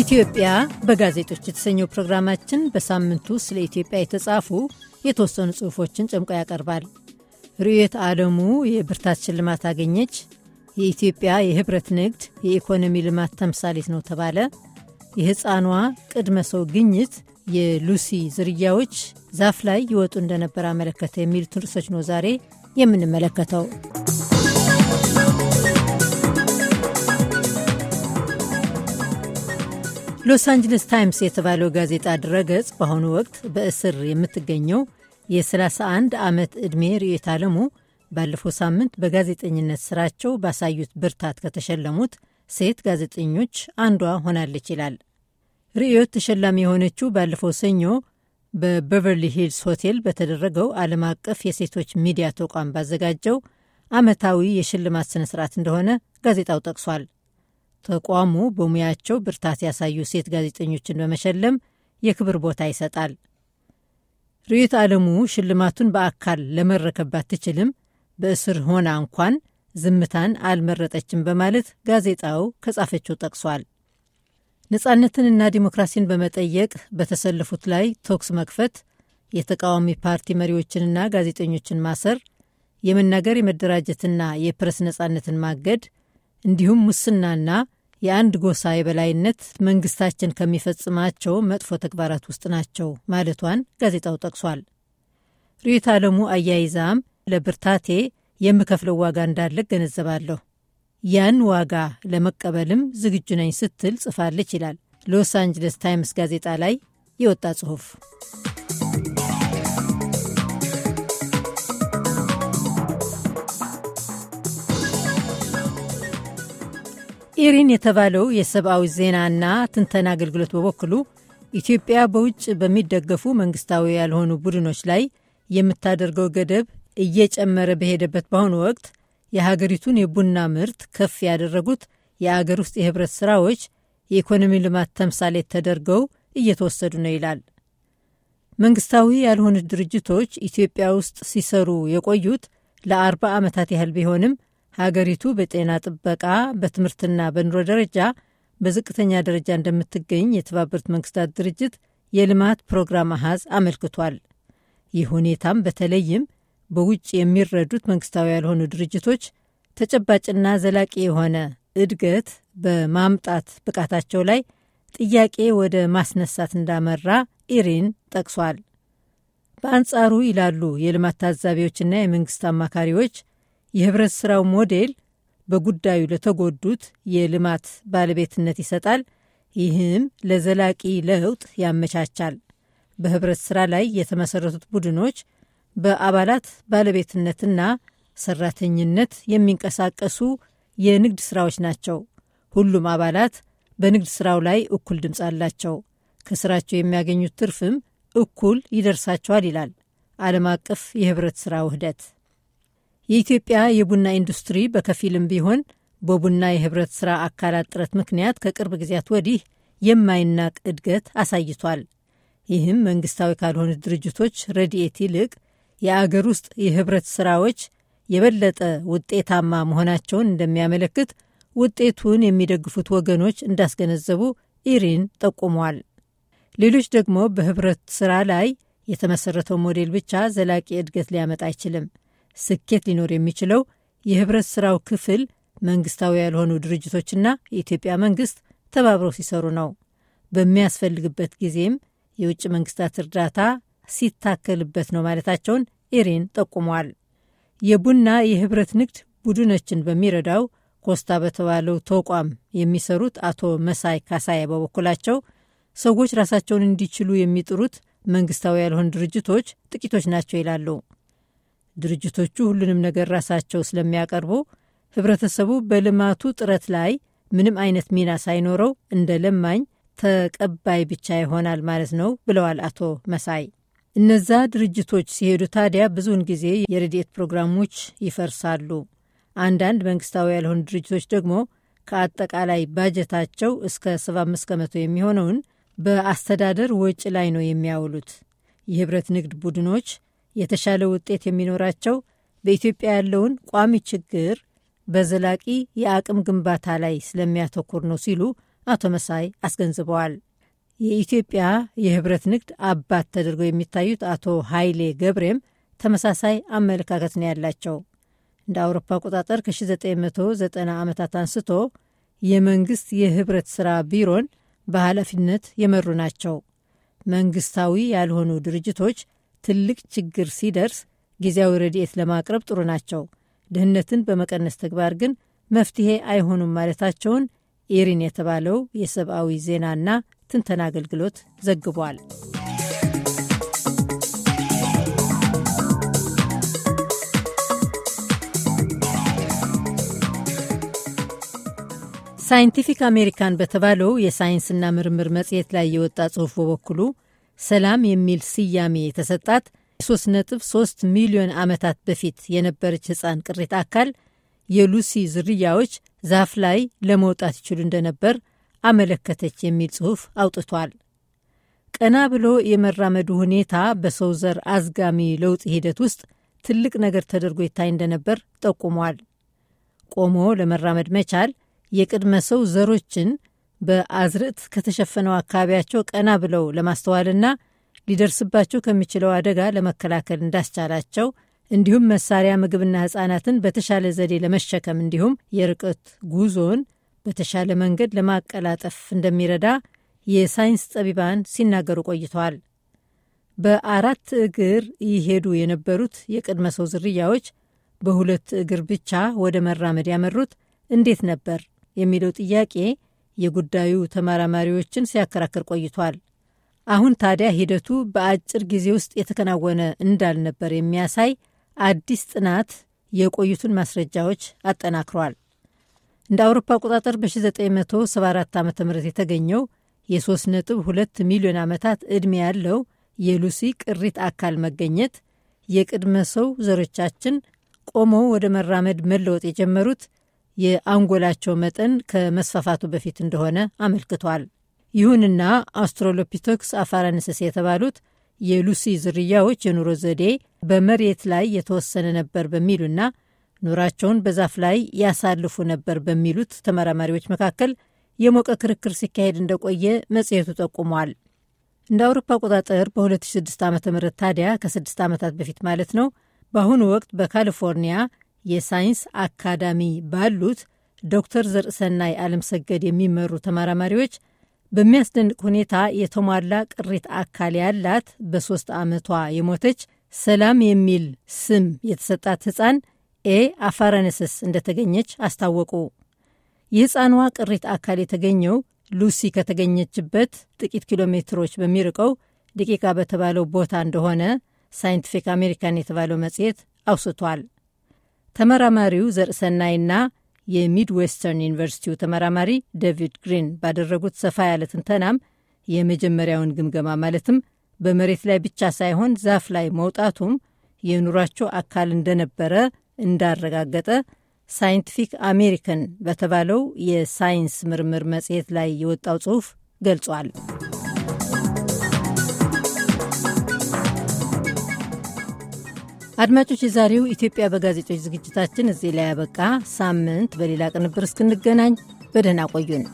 ኢትዮጵያ በጋዜጦች የተሰኘው ፕሮግራማችን በሳምንቱ ስለ ኢትዮጵያ የተጻፉ የተወሰኑ ጽሑፎችን ጨምቆ ያቀርባል። ርዕዮት ዓለሙ የብርታት ሽልማት አገኘች፣ የኢትዮጵያ የህብረት ንግድ የኢኮኖሚ ልማት ተምሳሌት ነው ተባለ፣ የሕፃኗ ቅድመ ሰው ግኝት የሉሲ ዝርያዎች ዛፍ ላይ ይወጡ እንደነበር አመለከተ የሚሉትን ርዕሶች ነው ዛሬ የምንመለከተው። ሎስ አንጅለስ ታይምስ የተባለው ጋዜጣ ድረገጽ በአሁኑ ወቅት በእስር የምትገኘው የ31 ዓመት ዕድሜ ርዕዮት ዓለሙ ባለፈው ሳምንት በጋዜጠኝነት ስራቸው ባሳዩት ብርታት ከተሸለሙት ሴት ጋዜጠኞች አንዷ ሆናለች ይላል። ርዕዮት ተሸላሚ የሆነችው ባለፈው ሰኞ በበቨርሊ ሂልስ ሆቴል በተደረገው ዓለም አቀፍ የሴቶች ሚዲያ ተቋም ባዘጋጀው ዓመታዊ የሽልማት ስነ ስርዓት እንደሆነ ጋዜጣው ጠቅሷል። ተቋሙ በሙያቸው ብርታት ያሳዩ ሴት ጋዜጠኞችን በመሸለም የክብር ቦታ ይሰጣል። ርዕዮት ዓለሙ ሽልማቱን በአካል ለመረከብ ባትችልም በእስር ሆና እንኳን ዝምታን አልመረጠችም በማለት ጋዜጣው ከጻፈችው ጠቅሷል። ነጻነትንና ዲሞክራሲን በመጠየቅ በተሰለፉት ላይ ተኩስ መክፈት፣ የተቃዋሚ ፓርቲ መሪዎችንና ጋዜጠኞችን ማሰር፣ የመናገር የመደራጀትና የፕረስ ነጻነትን ማገድ እንዲሁም ሙስናና የአንድ ጎሳ የበላይነት መንግስታችን ከሚፈጽማቸው መጥፎ ተግባራት ውስጥ ናቸው ማለቷን ጋዜጣው ጠቅሷል። ርዕዮት ዓለሙ አያይዛም ለብርታቴ የምከፍለው ዋጋ እንዳለ ገነዘባለሁ፣ ያን ዋጋ ለመቀበልም ዝግጁ ነኝ ስትል ጽፋለች ይላል ሎስ አንጅለስ ታይምስ ጋዜጣ ላይ የወጣ ጽሑፍ። ኢሪን የተባለው የሰብአዊ ዜናና ትንተና አገልግሎት በበኩሉ ኢትዮጵያ በውጭ በሚደገፉ መንግስታዊ ያልሆኑ ቡድኖች ላይ የምታደርገው ገደብ እየጨመረ በሄደበት በአሁኑ ወቅት የሀገሪቱን የቡና ምርት ከፍ ያደረጉት የአገር ውስጥ የህብረት ስራዎች የኢኮኖሚ ልማት ተምሳሌት ተደርገው እየተወሰዱ ነው ይላል። መንግስታዊ ያልሆኑት ድርጅቶች ኢትዮጵያ ውስጥ ሲሰሩ የቆዩት ለአርባ ዓመታት ያህል ቢሆንም ሀገሪቱ በጤና ጥበቃ፣ በትምህርትና በኑሮ ደረጃ በዝቅተኛ ደረጃ እንደምትገኝ የተባበሩት መንግስታት ድርጅት የልማት ፕሮግራም አሃዝ አመልክቷል። ይህ ሁኔታም በተለይም በውጭ የሚረዱት መንግስታዊ ያልሆኑ ድርጅቶች ተጨባጭና ዘላቂ የሆነ እድገት በማምጣት ብቃታቸው ላይ ጥያቄ ወደ ማስነሳት እንዳመራ ኢሪን ጠቅሷል። በአንጻሩ ይላሉ የልማት ታዛቢዎችና የመንግስት አማካሪዎች የህብረት ስራው ሞዴል በጉዳዩ ለተጎዱት የልማት ባለቤትነት ይሰጣል። ይህም ለዘላቂ ለውጥ ያመቻቻል። በህብረት ስራ ላይ የተመሰረቱት ቡድኖች በአባላት ባለቤትነትና ሰራተኝነት የሚንቀሳቀሱ የንግድ ስራዎች ናቸው። ሁሉም አባላት በንግድ ስራው ላይ እኩል ድምፅ አላቸው። ከስራቸው የሚያገኙት ትርፍም እኩል ይደርሳቸዋል ይላል ዓለም አቀፍ የህብረት ስራ ውህደት። የኢትዮጵያ የቡና ኢንዱስትሪ በከፊልም ቢሆን በቡና የህብረት ሥራ አካላት ጥረት ምክንያት ከቅርብ ጊዜያት ወዲህ የማይናቅ እድገት አሳይቷል። ይህም መንግስታዊ ካልሆኑ ድርጅቶች ረድኤት ይልቅ የአገር ውስጥ የህብረት ሥራዎች የበለጠ ውጤታማ መሆናቸውን እንደሚያመለክት ውጤቱን የሚደግፉት ወገኖች እንዳስገነዘቡ ኢሪን ጠቁሟል። ሌሎች ደግሞ በህብረት ሥራ ላይ የተመሰረተው ሞዴል ብቻ ዘላቂ እድገት ሊያመጣ አይችልም ስኬት ሊኖር የሚችለው የህብረት ስራው ክፍል መንግስታዊ ያልሆኑ ድርጅቶችና የኢትዮጵያ መንግስት ተባብረው ሲሰሩ ነው። በሚያስፈልግበት ጊዜም የውጭ መንግስታት እርዳታ ሲታከልበት ነው ማለታቸውን ኢሪን ጠቁመዋል። የቡና የህብረት ንግድ ቡድኖችን በሚረዳው ኮስታ በተባለው ተቋም የሚሰሩት አቶ መሳይ ካሳይ በበኩላቸው ሰዎች ራሳቸውን እንዲችሉ የሚጥሩት መንግስታዊ ያልሆኑ ድርጅቶች ጥቂቶች ናቸው ይላሉ። ድርጅቶቹ ሁሉንም ነገር ራሳቸው ስለሚያቀርቡ ህብረተሰቡ በልማቱ ጥረት ላይ ምንም አይነት ሚና ሳይኖረው እንደ ለማኝ ተቀባይ ብቻ ይሆናል ማለት ነው ብለዋል አቶ መሳይ። እነዛ ድርጅቶች ሲሄዱ ታዲያ ብዙውን ጊዜ የረድኤት ፕሮግራሞች ይፈርሳሉ። አንዳንድ መንግስታዊ ያልሆኑ ድርጅቶች ደግሞ ከአጠቃላይ ባጀታቸው እስከ 75 ከመቶ የሚሆነውን በአስተዳደር ወጪ ላይ ነው የሚያውሉት። የህብረት ንግድ ቡድኖች የተሻለ ውጤት የሚኖራቸው በኢትዮጵያ ያለውን ቋሚ ችግር በዘላቂ የአቅም ግንባታ ላይ ስለሚያተኩር ነው ሲሉ አቶ መሳይ አስገንዝበዋል። የኢትዮጵያ የህብረት ንግድ አባት ተደርገው የሚታዩት አቶ ኃይሌ ገብሬም ተመሳሳይ አመለካከት ነው ያላቸው። እንደ አውሮፓ አቆጣጠር ከ1990 ዓመታት አንስቶ የመንግስት የህብረት ሥራ ቢሮን በኃላፊነት የመሩ ናቸው። መንግስታዊ ያልሆኑ ድርጅቶች ትልቅ ችግር ሲደርስ ጊዜያዊ ረድኤት ለማቅረብ ጥሩ ናቸው፣ ድህነትን በመቀነስ ተግባር ግን መፍትሄ አይሆኑም ማለታቸውን ኢሪን የተባለው የሰብአዊ ዜናና ትንተና አገልግሎት ዘግቧል። ሳይንቲፊክ አሜሪካን በተባለው የሳይንስና ምርምር መጽሔት ላይ የወጣ ጽሑፍ በበኩሉ ሰላም የሚል ስያሜ የተሰጣት 3.3 ሚሊዮን ዓመታት በፊት የነበረች ሕፃን ቅሪት አካል የሉሲ ዝርያዎች ዛፍ ላይ ለመውጣት ይችሉ እንደነበር አመለከተች የሚል ጽሑፍ አውጥቷል። ቀና ብሎ የመራመዱ ሁኔታ በሰው ዘር አዝጋሚ ለውጥ ሂደት ውስጥ ትልቅ ነገር ተደርጎ ይታይ እንደነበር ጠቁሟል። ቆሞ ለመራመድ መቻል የቅድመ ሰው ዘሮችን በአዝርዕት ከተሸፈነው አካባቢያቸው ቀና ብለው ለማስተዋልና ሊደርስባቸው ከሚችለው አደጋ ለመከላከል እንዳስቻላቸው እንዲሁም መሳሪያ፣ ምግብና ህጻናትን በተሻለ ዘዴ ለመሸከም እንዲሁም የርቀት ጉዞን በተሻለ መንገድ ለማቀላጠፍ እንደሚረዳ የሳይንስ ጠቢባን ሲናገሩ ቆይተዋል። በአራት እግር ይሄዱ የነበሩት የቅድመ ሰው ዝርያዎች በሁለት እግር ብቻ ወደ መራመድ ያመሩት እንዴት ነበር የሚለው ጥያቄ የጉዳዩ ተመራማሪዎችን ሲያከራክር ቆይቷል። አሁን ታዲያ ሂደቱ በአጭር ጊዜ ውስጥ የተከናወነ እንዳልነበር የሚያሳይ አዲስ ጥናት የቆዩትን ማስረጃዎች አጠናክሯል። እንደ አውሮፓ አቆጣጠር በ1974 ዓ ም የተገኘው የ3.2 ሚሊዮን ዓመታት ዕድሜ ያለው የሉሲ ቅሪት አካል መገኘት የቅድመ ሰው ዘሮቻችን ቆመው ወደ መራመድ መለወጥ የጀመሩት የአንጎላቸው መጠን ከመስፋፋቱ በፊት እንደሆነ አመልክቷል። ይሁንና አውስትራሎፒቶክስ አፋራንስስ የተባሉት የሉሲ ዝርያዎች የኑሮ ዘዴ በመሬት ላይ የተወሰነ ነበር በሚሉና ኑራቸውን በዛፍ ላይ ያሳልፉ ነበር በሚሉት ተመራማሪዎች መካከል የሞቀ ክርክር ሲካሄድ እንደቆየ መጽሔቱ ጠቁሟል። እንደ አውሮፓ አቆጣጠር በ2006 ዓ ም ታዲያ ከ6 ዓመታት በፊት ማለት ነው በአሁኑ ወቅት በካሊፎርኒያ የሳይንስ አካዳሚ ባሉት ዶክተር ዘርእሰናይ ሰገድ የሚመሩ ተመራማሪዎች በሚያስደንቅ ሁኔታ የተሟላ ቅሪት አካል ያላት በሦስት ዓመቷ የሞተች ሰላም የሚል ስም የተሰጣት ሕፃን ኤ አፋረነስስ እንደተገኘች አስታወቁ። የሕፃኗ ቅሪት አካል የተገኘው ሉሲ ከተገኘችበት ጥቂት ኪሎ ሜትሮች በሚርቀው ደቂቃ በተባለው ቦታ እንደሆነ ሳይንቲፊክ አሜሪካን የተባለው መጽሔት አውስቷል። ተመራማሪው ዘርሰናይና የሚድ ዌስተርን ዩኒቨርሲቲው ተመራማሪ ዴቪድ ግሪን ባደረጉት ሰፋ ያለ ትንተናም የመጀመሪያውን ግምገማ ማለትም በመሬት ላይ ብቻ ሳይሆን ዛፍ ላይ መውጣቱም የኑሯቸው አካል እንደነበረ እንዳረጋገጠ ሳይንቲፊክ አሜሪካን በተባለው የሳይንስ ምርምር መጽሔት ላይ የወጣው ጽሑፍ ገልጿል። አድማጮች፣ የዛሬው ኢትዮጵያ በጋዜጦች ዝግጅታችን እዚህ ላይ ያበቃ። ሳምንት በሌላ ቅንብር እስክንገናኝ በደህና ቆዩን።